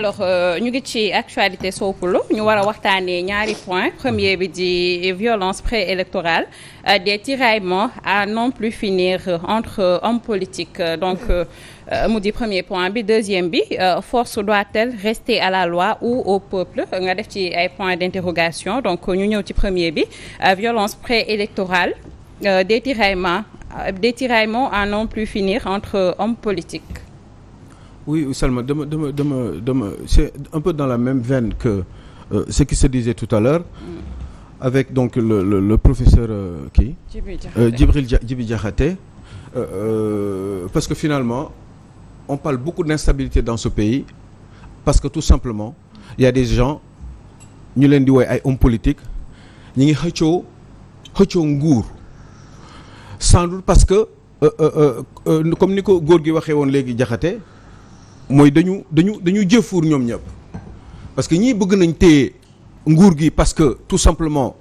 alors euh, ñu ngi ci actualité soopulu ñu war a waxtaanee ñaari point premier bi di violence préélectorale euh, des tiraillements à non plus finir entre hommes politiques euh, donc mu di premier point bi deuxième bi force doit-elle rester à la loi ou au peuple nga def ci ay points d'interrogation donc ñu ñëw ci premier bi violence préélectorale des tiraillements des tiraillements à non plus finir entre hommes politiques oui seulement dama dama dama dama c'est un peu dans la même veine que euh, ce qui se disait tout à l'heure mm. avec donc le le, le professeur kii. Euh, euh, Djibril Djibi Diakhaté euh, euh, parce que finalement on parle beaucoup d'instabilité dans ce pays parce que tout simplement il y a des gens ñu leen di woy ay hommes politiques ñu ngi xëccoo xëccoo nguur sans doute parce que euh, comme ni ko góor gi waxee woon léegi Diakhaté mooy dañu dañu dañu jëfuur ñoom ñëpp parce que ñii bëgg nañ téye nguur gi parce que tout simplement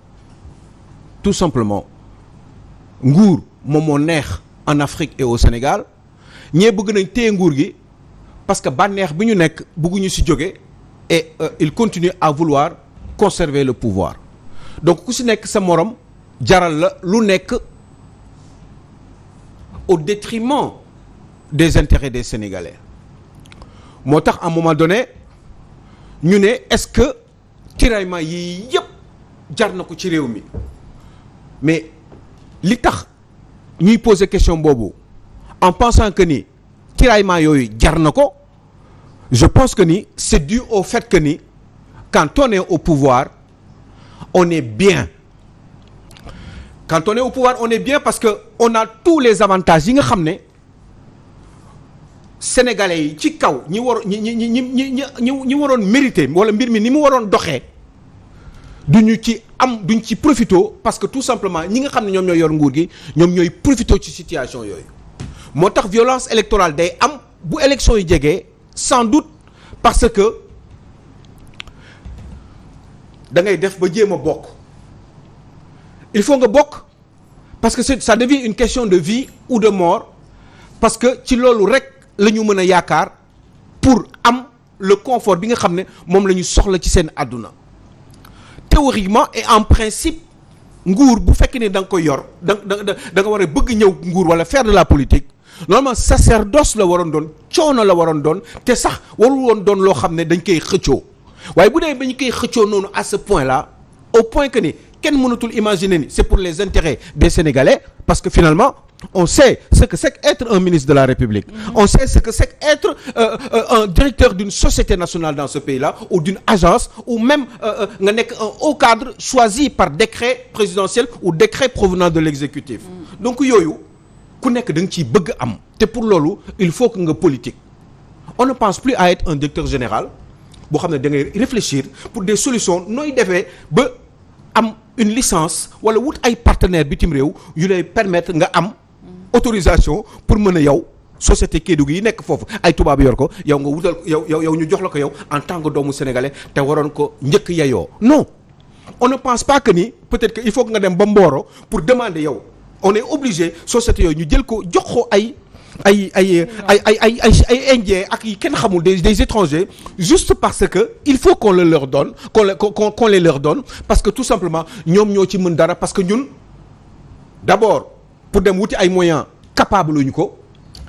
tout simplement nguur moom moo neex en Afrique et au Sénégal ñee bëgg nañ téye nguur gi parce que bànneex bi ñu nekk bëgguñu ci jóge et euh, il continue à vouloir conserver le pouvoir donc ku ci nekk sa morom jaral la lu nekk au détriment des intérêts des Sénégalais moo tax à un moment donné ñu ne est-ce que tiraillement yi yëpp jar na ko ci réew mi mais li tax ñuy poser question boobu en pensant que ni tiraillement yooyu jar na ko je pense que ni c'est dû au fait que ni quand au pouvoir on est bien quand on est au pouvoir on est bien parce que on a tous les avantages yi nga xam ne sénégalais yi ci kaw ñi war ñi ñi ñi ñi ñi ñi waroon mérité wala mbir mi ni mu waroon doxee du ñu ci am duñ ci profito parce que tout simplement ñi nga xam ne ñoom ñoo yor nguur gi ñoom ñooy profito ci situation yooyu moo tax violence électorale day am bu élection yi jegee sans doute parce que da ngay def ba jéem a bokk il faut nga bokk parce que ça devient une question de vie ou de mort parce que ci loolu rek la ñu mën a yaakaar pour am le confort bi nga xam ne moom la ñu soxla ci seen àdduna théoriquement et en principe nguur bu fekkee ne danga nga koy yor da da da nga war a bëgg ñëw nguur wala faire de la politique normalement sacerdoce la waroon doon coono la waroon doon te sax warul woon doon loo xam ne dañ koy xëccoo waaye bu dee ba ñu koy xëccoo noonu a ce point là au point que ni kenn mënatul imaginer ni c'est pour les intérêts des Sénégalais parce que finalement on sait ce que c'est qu'être un ministre de la République. Mmh. On sait ce que c'est qu'être euh, euh, un directeur d'une société nationale dans ce pays-là ou d'une agence ou même euh, euh, nga nekk un haut cadre choisi par décret présidentiel ou décret provenant de l'exécutif. Mmh. Donc yooyu ku nekk da nga ciy bëgg am te pour loolu il faut que nga politique. On ne pense plus à être un directeur général boo xam ne da ngay réfléchir pour des solutions nooy defee ba am une licence wala wut ay partenaires bitim réew yu lay permettre nga am. autorisation pour mën a yow société Kédougou yi nekk foofu ay tubaab yor ko yow nga wutal yow yow yow ñu jox la ko yow en tant que doomu sénégalais te waroon ko njëkk yayoo non on ne pense pas que ni peut-être que il faut que nga dem ba Mboro pour demander yow on est obligé société yooyu ñu jël ko jox ko ay ay ay ay ay ay ay ay indiens ak yi kenn xamul des des étrangers juste parce que il faut qu'on le leur donne qu'on le qu'on qu'on les leur donne parce que tout simplement ñoom ñoo ci mën dara parce que ñun d'abord pour dem wuti ay moyens capable wuñu ko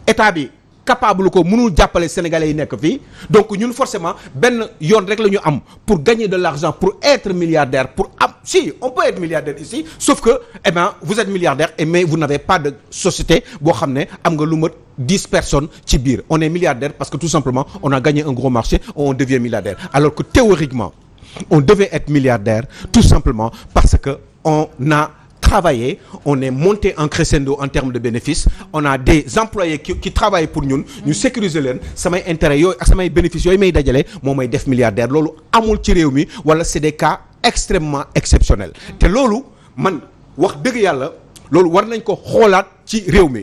état bi capable ko mënul jàppale sénégalais yi nekk fii donc ñun forcément benn yoon rek la ñu am pour gagner de l'argent pour être milliardaire pour am si on peut être milliardaire ici sauf que eh ben vous êtes milliardaire et mais vous n'avez pas de société boo xam ne am nga lu mat dix personnes ci biir on est milliardaire parce que tout simplement on a gagné un gros marché on devient milliardaire alors que théoriquement on devait être milliardaire tout parce que travaillé on est monté en crescendo en terme de bénéfice on a des employés qui qui travaillent pour ñun ñu sécuriser leen samay intérêt yooyu ak samay bénéfices yooyu may dajale moo may def milliardaire loolu amul ci réew mi wala c'est des cas extrêmement exceptionnels te loolu man wax dëgg yàlla loolu war nañ ko xoolaat ci réew mi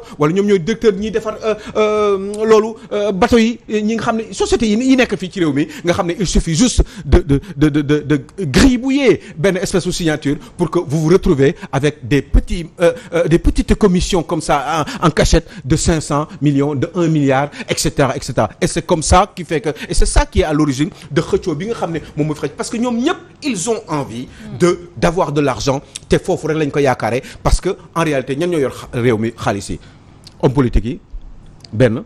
wala ñoom ñooy directeur ñiy defar euh, euh, loolu euh, bateau yi ñi nga xam ne société yi yi nekk fii ci réew mi nga xam ne il suffit juste de de de benn espèce de signature pour que vous vous retrouvez avec des petits des petites commissions comme ça en, en cachette de 500 millions de un milliard et cetera et cetera et c'est comme ça qui fait que et c'est ça qui est à l'origine de xëccoo bi nga xam ne moom mooy parce que ñoom ñëpp ils ont envie de d'avoir de l'argent te foofu rek lañ ko yaakaare parce que en ñan ñoo yor réew mi xaalis yi homme politique yi benn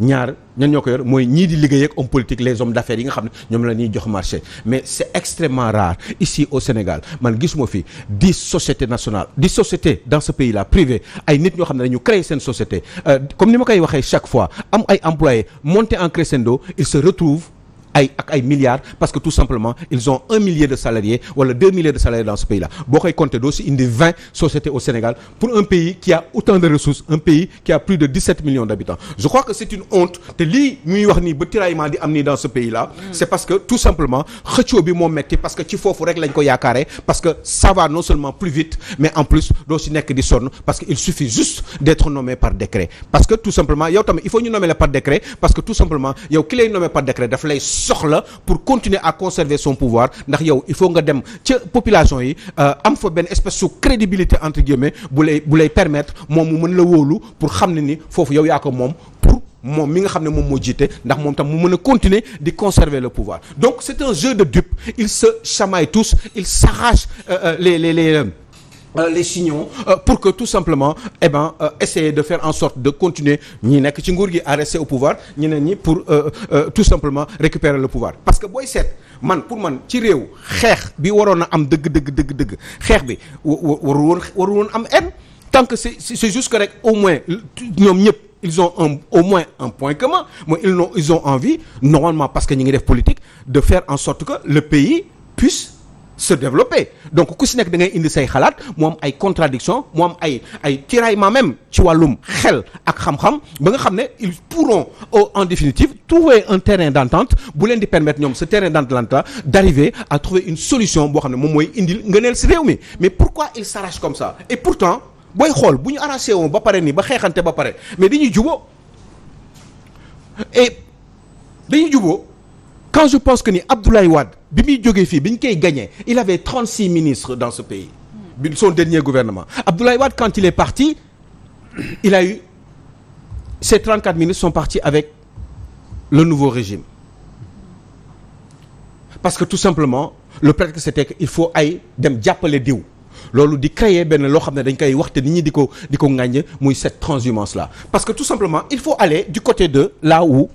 ñaar ñan ñoo ko yor mooy ñii di liggéey ak homme politique les hommes d'affaires yi nga xam ne ñoom la ñuy jox marché mais c'est extrêmement rare ici au Sénégal man gisuma fi di sociétés nationales di sociétés dans ce pays là privé ay nit ñoo xam ne dañu créer seen société euh, comme ni ma koy waxee chaque fois am ay employés monté en crescendo ils se retrouvent ay ak ay milliards parce que tout simplement ils ont un millier de salariés wala deux milliers de salariés dans ce pays là boo koy compter doo si indi vingt sociétés au Sénégal pour un pays qui a autant de ressources un pays qui a plus de dix-sept millions d'habitants je crois que c'est une honte te lii ñuy wax nii ba tiraillement di am nii dans ce pays là mm. c'est parce que tout simplement xëccoo bi moo metti parce que ci foofu rek lañ ko yaakaaree parce en plus doo si nekk di sonn parce soxla pour continuer à conserver son pouvoir ndax yow il faut nga dem ca population yi euh, am fa benn espèce su crédibilité entre guillemets bu lay bu lay permettre moom mu mën la woolu pour xam ne ni foofu yow yaa ko moom pour moom mi nga xam ne moom moo jiite ndax moom tam mu mën a continuer di conserver le pouvoir donc c'est un jeu de dupes ils se chamaillent tous ils s'arrachent euh, euh, les les les euh, Euh, les signons euh, pour que tout simplement eh ben euh, essayer de faire en sorte de continuer ñi nekk ci nguur gi à rester au pouvoir ne ñi pour tout simplement récupérer le pouvoir parce que booy set man pour man ci réew xeex bi waroon na am dëgg dëgg dëgg dëgg xeex bi waru woon woon am en tant que c'est c'est rek au moins ñoom ñëpp ils ont un au moins un point commun mooy ils ont ils ont envie normalement parce que ñi ngi def politique de faire en sorte que le pays puisse se développer donc ku si nekk da ngay indi say xalaat moom ay contradiction moom am ay ay tiraillement même ci wàllum xel ak xam-xam ba nga xam ne ils pourront euh, en définitive trouver un terrain d'entente bu leen di permettre ñoom sa terrain d'entente là d'arriver à trouver une solution boo xam ne moom mooy indil ngëneel si réew mi mais pourquoi ils s'arrachent comme ça et pourtant booy xool bu ñu arraché woon ba pare nii ba xeexante ba pare mais dañuy juboo et dañuy juboo quand je pense que ni bi muy jógee fii bi ñu koy gagné il avait 36 ministres dans ce pays. Hmm. bi son dernier gouvernement Abdoulaye Wade quand il est parti il a eu ses 34 ministres sont partis avec le nouveau régime parce que tout simplement le prétexte c'était que il faut ay dem jàppale diw. loolu di créer benn loo xam ne dañ koy waxte nit ñi di ko di ko ŋàññ muy cette transhumance là parce que tout simplement il faut aller du côté de là où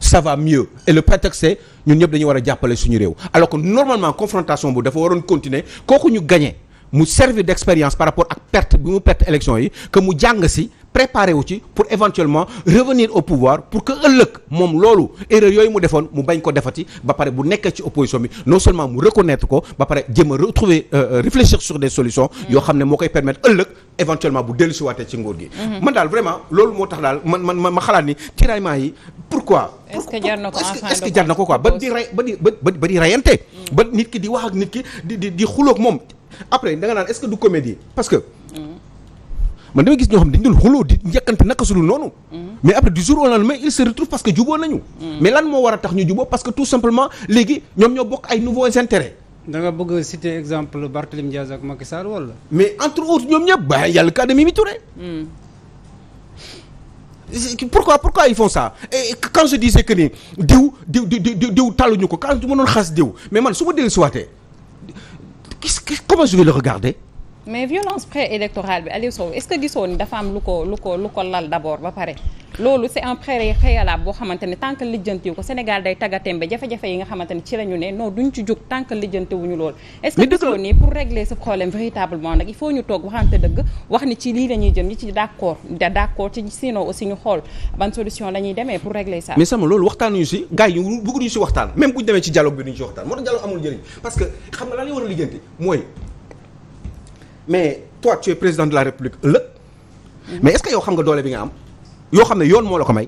ça va mieux et le prétexte c'est ñun ñëpp dañu war a jàppale suñu réew alors que normalement confrontation bu dafa waroon continuer kooku ñu gagné mu servir d'expérience par rapport ak perte bi mu perte élection yi que mu jàng si préparé ci pour éventuellement revenir au pouvoir pour que ëllëg moom loolu erreur yooyu mu defoon mu bañ ko defati ba pare bu nekkee ci opposition bi non seulement mu reconnaître ko ba pare jéem a retrouver euh, euh, réfléchir sur des solutions mm-hmm. yoo xam ne moo koy permettre ëllëg éventuellement bu dellusiwaatee ci nguur gi mm-hmm. man daal vraiment loolu man man ma xalaat ni tiraillement yi pourquoi. est ce que na ko est ce que jar ba di rey ba di ba di reyante. ba nit ki di wax ak nit ki di di moom après da nga naan est du comédie parce que. Mm. man dama gis ñoo xam dañu doon xuloo di njëkkante naka su dul noonu. Mm. mais après du jour au lendemain ils se retrouvent parce que juboo nañu. Mm. mais lan moo tout simplement léegi ñoom ñoo bokk ay nouveaux intérêts. da bëgg a citer exemple Barthélémy Diaz ak Macky Sall wala. mais entre autres ñoom ñëpp yàlla ka Mimi Touré. pourquoi pourquoi ils font ça et quand je disais que ni diw diw diw diw tàlluñu ko quand ma doon xas diw mais man su ma dellu si waatee comment je vais le regarder. mais violence préélectorale bi Aliou so est-ce que gisoo ni dafa am lu ko lu ko lu ko lal d'abord ba pare. loolu c'est un pré préalable boo xamante ne tant que lijjantiwu ko Sénégal day tagatem ba jafe-jafe xamante ne ci la ñu ne non duñ ci jóg tant que lijjantiwuñu loolu est-ce que nii pour régler ce problème véritablement nag il faut ñu lii la ñuy jëm ñi ci d'accord d'accord ci xool ban solution la ñuy demee pour régler ça mais sama loolu waxtaanuñu si gars yi bëgguñu si waxtaan même buñu demee ci dialogue bi que xam nga lan la war a lijjanti mooy mais toi tu es président de la république ëllëg mm-hmm. mais est-ce yow xam nga doole bi nga am yoo xam ne yoon moo la ko may.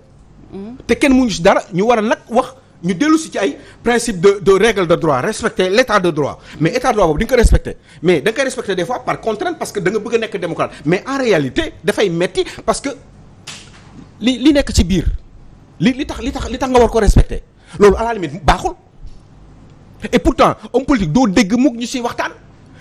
Mm-hmm. te kenn mënuñu si dara ñu war a nag wax ñu dellu si ci ay principe de de règle de droit respecter l' état de droit mais état de droit boobu di ko respecter mais da nga koy respecter des fois par contrainte parce que da bëgg a nekk démocrate mais en réalité dafay metti parce que li li nekk ci biir li li tax li tax li tax nga war ko respecter loolu à la mu baaxul et pourtant homme politique doo dégg mukk ñu siy waxtaan.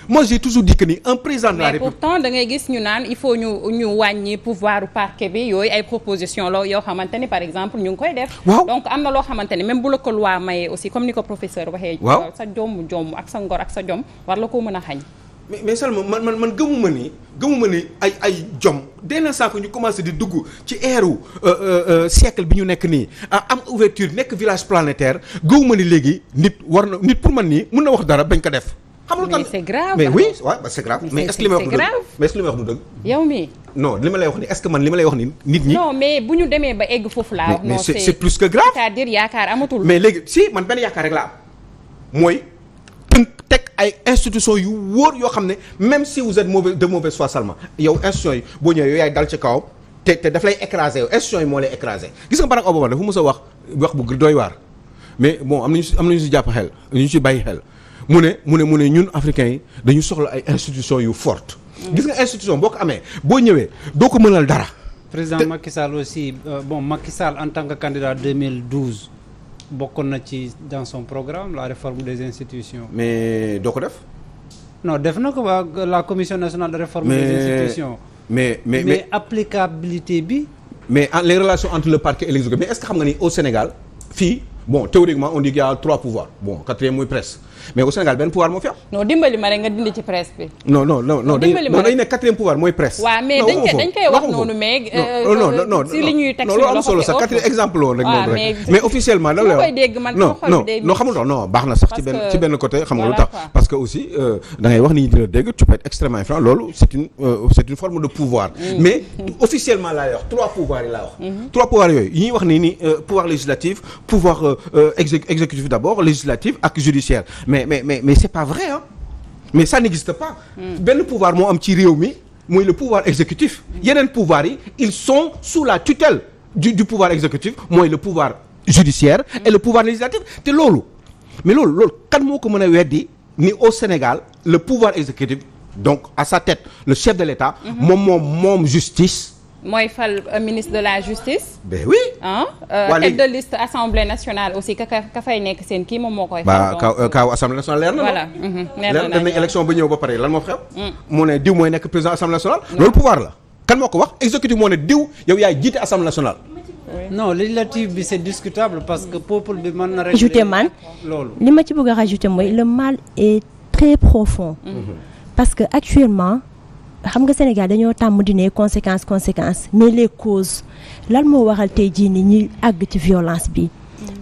moi j'ai toujours dit que ni un président de la République. mais ngay gis ñu naan il faut ñu ñu wàññi pouvoir parquet bi yooyu ay proposition la yoo xamante ni par exemple ñu ngi koy def. waaw donc am na loo xamante ni même bu la ko loi mayee aussi comme ni ko professeur waxee. waaw sa jom jom ak sa ngor ak sa jom war la ko mën a xañ. mais mais seulement man man man gëmuma ni gëmuma ni ay ay jom dès l'instant que ñu commencé di dugg ci eeru euh, euh, euh, siècle bi ñu nekk nii am ouverture nekk village planétaire gëmuma ni léegi nit war na nit man nii mën na wax dara bañ ko def. xam lu tax mais c'est grave mais oui c'est grave. mais est-ce que li may wax du dëgg mais est-ce que li may wax du que man nit ñi. non mais ñu demee ba egg foofu laa. non c'est c'est plus que grave. c'est-à-dire mais léegi si man benn yaakaar rek laa am mooy tënk teg ay institutions yu wóor yoo xam ne même si vous êtes mauvais de mauvaise foi seulement yow institutions yi boo ñëwee yow yaay dal ci kawam te dafa daf lay écraser yow institutions yi moo lay écraser gis nga Barack Obama dafa mës a wax wax bu dooy waar mais bon am nañu am nañu si jàpp xel ñu si bàyyi xel mu ne mu ne mu ne ñun africains yi dañu soxla ay institutions yu fort gis nga institution boo ko amee boo ñëwee doo ko mënal dara. président Macky Sall aussi euh, bon Macky en tant que candidat 2012 bokkoon na ci dans son programme la réforme des institutions. mais doo ko def. non def na ko waa la commission nationale de réforme mais, des institutions. mais mais mais mais applicabilité bi. mais en ah, les relations entre le parquet et l'exécutif mais est-ce xam nga ni au Sénégal fii bon théoriquement on dit qu'il y a trois pouvoirs bon quatrième muy presse. mais au Sénégal benn pouvoir moo fi am. non dimbali ma rek nga dindi ci presse bi. non non non non day ne quatrième pouvoir mooy presse. waaw mais dañ koy dañ koy wax noonu euh, xamul tax non baax na sax ci benn ci xam nga lu tax parce que aussi euh, da wax ni ñu dina dégg tu extrêmement franc loolu euh, c'est une forme de pouvoir. mais officiellement laay wax trois pouvoirs yi laa mhm. yooyu yi wax nii nii pouvoir législatif pouvoir exécutif d'abord législatif mais mais mais mais c'est pas vrai mais ça n'existe pas. Hmm. benn pouvoir moo am ci réew mi le pouvoir exécutif. Hmm. yeneen pouvoir yi ils sont sous la tutelle du du pouvoir exécutif mooy le pouvoir judiciaire. Hmm. et le pouvoir législatif te loolu. mais loolu loolu kan moo ko mën a weddi ni au Sénégal le pouvoir exécutif donc à sa tête le chef de l'État. moom moom moom justice. mooy fal euh, ministre de la justice. ben oui. ah euh, tête de liste assemblée nationale aussi ka ka fay nekk seen kii moom moo koy. fal kaaw assemblée nationale leer na. voilà mhm, leer na dem nañ élection ba ñëw ba pare lan moo xew. Mm. mu ne diw mooy nekk président assemblée nationale. Mm. loolu pouvoir la kan moo ko wax exécutif moo ne diw yow yaay jiite assemblée nationale. non législative bi c'est discutable parce que peuple bi mën na. rajouter man loolu. li ma ci bëgg a rajouter xam nga Sénégal dañoo tàmm di ne conséquence conséquence mais les causes lan moo waral tey jii ni ñuy àgg ci violence bi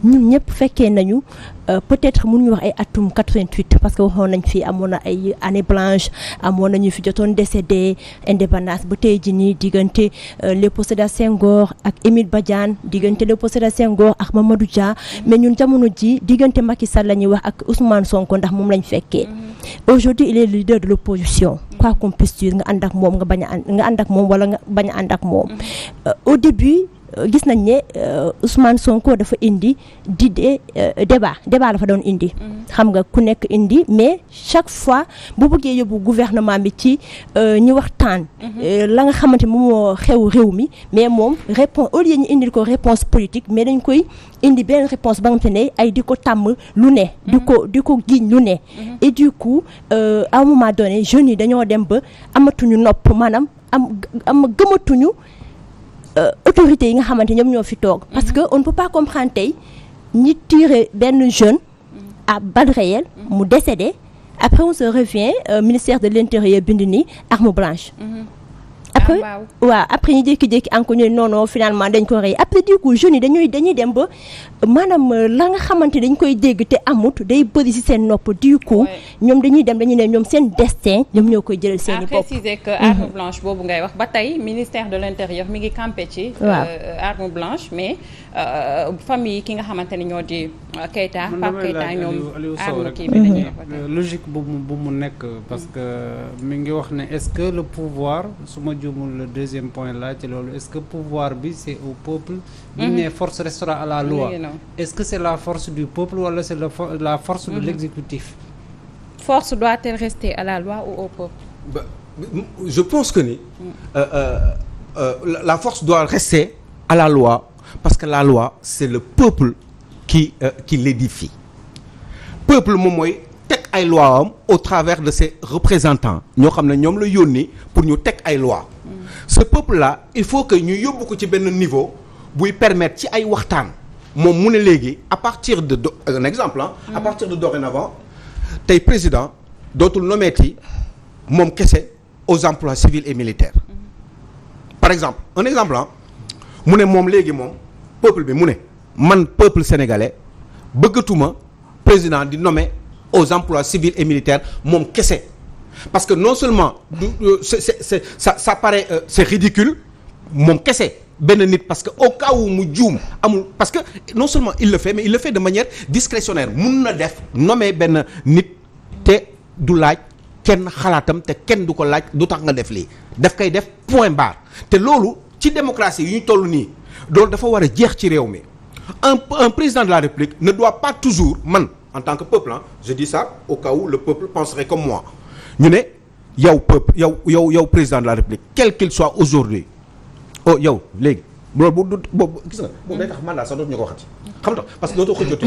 ñun ñëpp fekkee nañu euh, peut-être mënuñu wax ay atum 88 parce que waxoon nañ fi amoon na ay année blanche amoon nañu fi jotoon décédé indépendance ba tey ji nii diggante euh, Léopold Sédar Senghor ak Émile Badiane diggante Léopold Sédar Senghor ak Mamadou Dia mais ñun jamono ji diggante Macky Sall la ñuy wax ak Ousmane Sonko ndax moom lañ fekkee mm-hmm. aujourd'hui il est leader de l'opposition pas compétiteur nga ànd moom nga bañ a nga ànd moom wala nga bañ a moom mm-hmm. euh, au début gis nañ ne euh, Ousmane Sonko dafa indi di euh, débat débat la fa doon indi. Mhm. xam nga ku nekk indi mais chaque fois bu bëggee yóbbu gouvernement bi ci euh, ñu waxtaan. Mhm. la nga xamante ni moo xew réew mi mais moom réponse au lieu ñu indil ko réponse politique mais dañ koy indi benn réponse ba nga xamante ne ay di ko tàmm lu ne. di mhm. ko di ko giñ lu ne. et du coup à jeunes yi dañoo dem ba amatuñu nopp maanaam am am gëmatuñu. Euh, autorités yi nga xamante ñoom ñoo fi toog. parce que on ne peut pas comprendre tey ñi tirer benn jeune. à balles réelles mu décédé après on se revient euh, ministère de l'intérieur bind ni arme blanche. Mm après waaw après ñu jékki-jékki encore ñu non non finalement dañ ko rey après du coup jeunes yi dañuy dem ba maanaam euh, la nga xamante dañ koy dégg te amut day bëri ci seen nopp du coup ñoom dañuy dem dañuy ne ñoom seen destin ñoom ñoo koy jëlal seen i bopp. à préciser mhm. arme blanche boobu ngay wax ba tey ministère de l' intérieur mi ngi campé ci. waaw euh, euh, arme blanche mais famille ki nga xamante ni ñoo di Keita. Pape Keita ñoom arme kii bi dañuy mhm. logique bu mu nekk parce que mi ngi wax ne que le pouvoir su ma xamul le deuxième point là ci loolu est-ce que bi c'est au peuple mhm. bu force restera à la loi est-ce que c'est la force du peuple wala c'est la la force de mhm. l'exécutif force doit-elle rester à la loi ou au peuple je pense que ni mm. euh, euh, euh, la force doit rester à la loi parce que la loi c'est le peuple qui qui l'édifie peuple moom mooy teg ay loi am au travers de ses représentants ñoo xam ne ñoom la yónni pour ñu teg ay loi ce peuple laa il faut que ñu yóbbu ko ci benn niveau buy permettre ci ay waxtaan moom mu ne léegi à partir de do euh, un exemple ah. à mm. partir de dorénavant tey président dootul nommeeti moom kese aux emplois civils et militaires. Mm. par exemple un exemple ah mu ne moom léegi moom peuple bi mu ne man peuple sénégalais bëggatuma président di nome aux emplois civils et militaire moom kese. parce que non seulement du euh, c'est c'est ça ça euh, c'est ridicule moom kese benn nit parce que au cas mu juum amul parce que non seulement il le fait mais il le fait de manière discrétionnaire mun na def nommer benn nit te du laaj kenn xalaatam te kenn du ko laaj du tax nga def lii daf koy def point barre te loolu ci démocratie yu ñu toll nii doolu dafa war a jeex ci réew mi un un président de la République ne doit pas toujours man en tant que peuple hein, je dis ça au cas comme moi ñu ne yow peuple yow yow yow président de la république quel qu'il soit aujourd'hui oh yow léegi loolu bu du boobu gis nga boobu day tax mandat sax ñu ko waxati xam nga parce que dootoo ko jot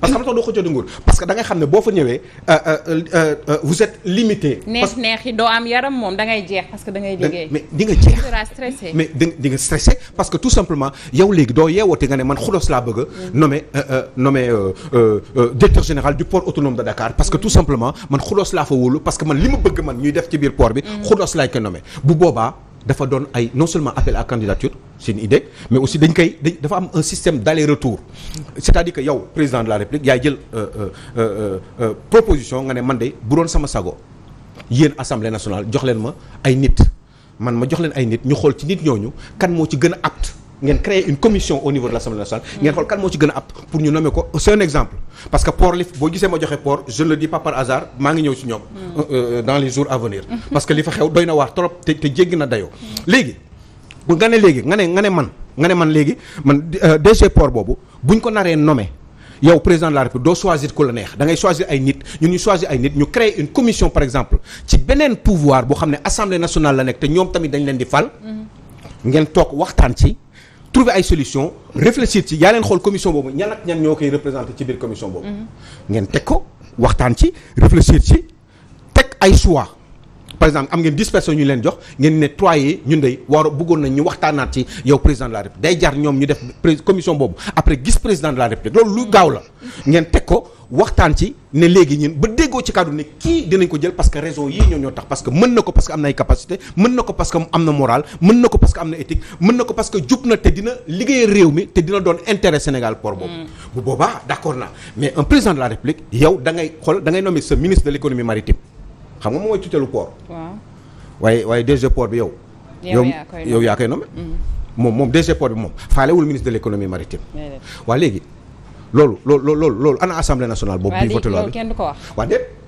parce que xam nga doo xëccoo di nguur parce que dangay xam ne boo fa ñëwee euh, euh, euh, vous êtes limité. neex neex yi doo am yaram moom da ngay jeex parce que da ngay liggéey. mais di nga jeex mais di nga stressé parce que tout simplement yow léegi doo yeewooti nga ne man xulos laa bëgg a. nommé nommé directeur général du port autonome de Dakar parce que tout mm. simplement man xulos laa fa wóolu parce que man li ma bëgg man ñuy def ci biir port bi. xulos mm. laay ko nommé bu boobaa. dafa doon ay non seulement appel à candidature c'est une mais aussi dañ koy dañ dafa am un système d'aller-retour c'est-à-dire que yow président de la République yaay jël euh, euh, euh, proposition nga ne man de bu doon sama sago yéen assemblée nationale jox leen ma ay nit man ma jox leen ay nit ñu xool ci nit ñooñu kan moo ci gën a apte ngeen créer une commission au niveau de l'Assemblée nationale. ngeen xool kan moo ci gën a apte pour ñu nommer ko c'est un exemple. parce que port li boo gisee ma joxe port je le dis pas par hasard maa ngi ñëw ci ñoom. Mm. Euh, euh, dans les jours à venir. parce que li fa xew doy na waar trop te te na dayoo. léegi bu nga ne léegi nga ne nga ne man nga ne man léegi man euh, DG port boobu bu ñu ko naree nommer. yow président de la république doo choisir ku la neex da ngay choisir ay nit ñun ñu choisir ay nit ñu créer une commission par exemple ci beneen pouvoir boo xam ne assemblée nationale la nekk te ñoom tamit dañ leen di fal. Mm-hmm. ngeen toog waxtaan ci. trouver ay solution réfléchir ci yaa leen xool commission boobu ñan ak ñan ñoo koy représenté ci biir commission boobu. Mhm. ngeen teg ko waxtaan ci réfléchir ci teg ay choix. par exemple am ngeen dix personnes ñu leen jox ngeen ne trois yi ñun de bëggoon nañ ñu waxtaanaat ci yow président de la république day jar ñoom ñu def commission boobu après gis président de la république loolu lu gaaw la ngeen teg ko waxtaan ci ne léegi ñun ba déggoo ci kàddu ne kii dinañ ko jël parce que raison yii ñoo ñoo tax parce que mën na ko parce que am na ay capacité mën na ko parce que am na moral mën na ko parce que am na jub na te dina liggéey réew mi te dina doon intérêt mm. yow da ngay xool da ngay nommer xam nga moom mooy tutelu port. waaye waaye DG port bi yow. yow yow yaa koy nommé. Mm-hmm. moom moom DG port bi moom faalewul ministre de l' économie maritime. waa léegi loolu loolu loolu loolu ana assemblée nationale. boobu bi voté loi bi waaw waa déet.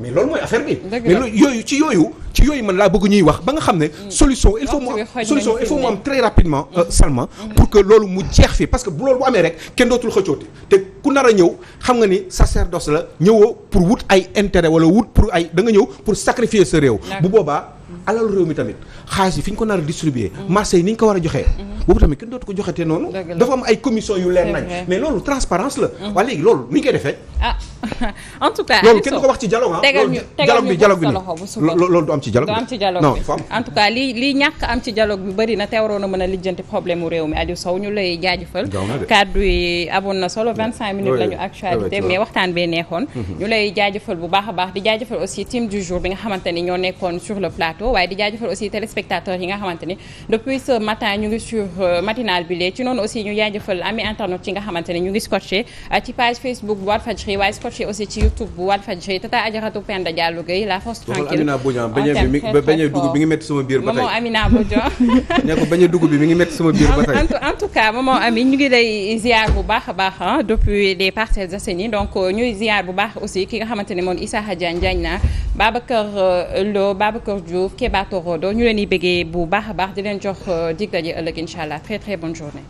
mais loolu mooy affaire bi. mais yooyu ci yooyu ci yooyu man laa bëgg ñuy wax ba nga xam ne. Mm. solution il faut mu am très rapidement. seulement mm. mm-hmm. pour que loolu mu jeex fii parce que bu loolu bu amee rek kenn dootul xëccooti te ku nar a ñëw xam nga ni sacerdoce la ñëwoo pour wut ay intérêt wala wut pour ay da ñëw pour sacrifier sa réew. bu boobaa. alalu réew mi tamit xaalis yi fi ñu ko nar a distribuer mm-hmm. marché yi ni ñu ko war a joxee mm-hmm. boobu tamit kenn dootu ko joxetee noonu dafa am ay commission yu leer nañ mais loolu transparence la ah en tout cas. loolu kenn du ko wax ci dialogue ah. tegal ñu tegal ñu bokk sa loxo bu suba loolu du am ci dialogue bi non en tout cas li li am ci dialogue bi bëri na te waroon a mën a lijjanti problème mu réew mi Aliou Sow ñu lay jaajëfal. kàddu yi amoon na solo 25 minutes la ñu actualité mais waxtaan be neexoon. Mhm. ñu lay jaajëfal bu baax a baax di jaajëfal aussi team du jour bi nga xamante ni ñoo nekkoon sur le plateau waaye di jaajëfal aussi téléspectateurs yi nga xamante ni depuis ce matin ñu ngi sur euh, matinale bi léegi ci noonu aussi ñu jaajëfal ami ni fii waaye spot fii aussi ci YouTube bu Walfadjri tata Ajaratu Penda Diallo Gueye la force tranquille Amina Bodian bañ a dugg bi ngi métti Amina Bodian ne ko dugg bi mi ngi métti sama biir ba tey en tout cas maman Ami ñu ngi lay ziar bu baax a baax depuis les Parcelles Assainies donc euh, ñuy ziar bu baax aussi ki nga xamante ne moom Issakha Diagne naa baaba Babacar euh, Lo Babacar Diouf Keba Torodo ñu leen di bëggee bu baax a baax di leen jox euh, dig daje ëllëg incha allah très très bonne journée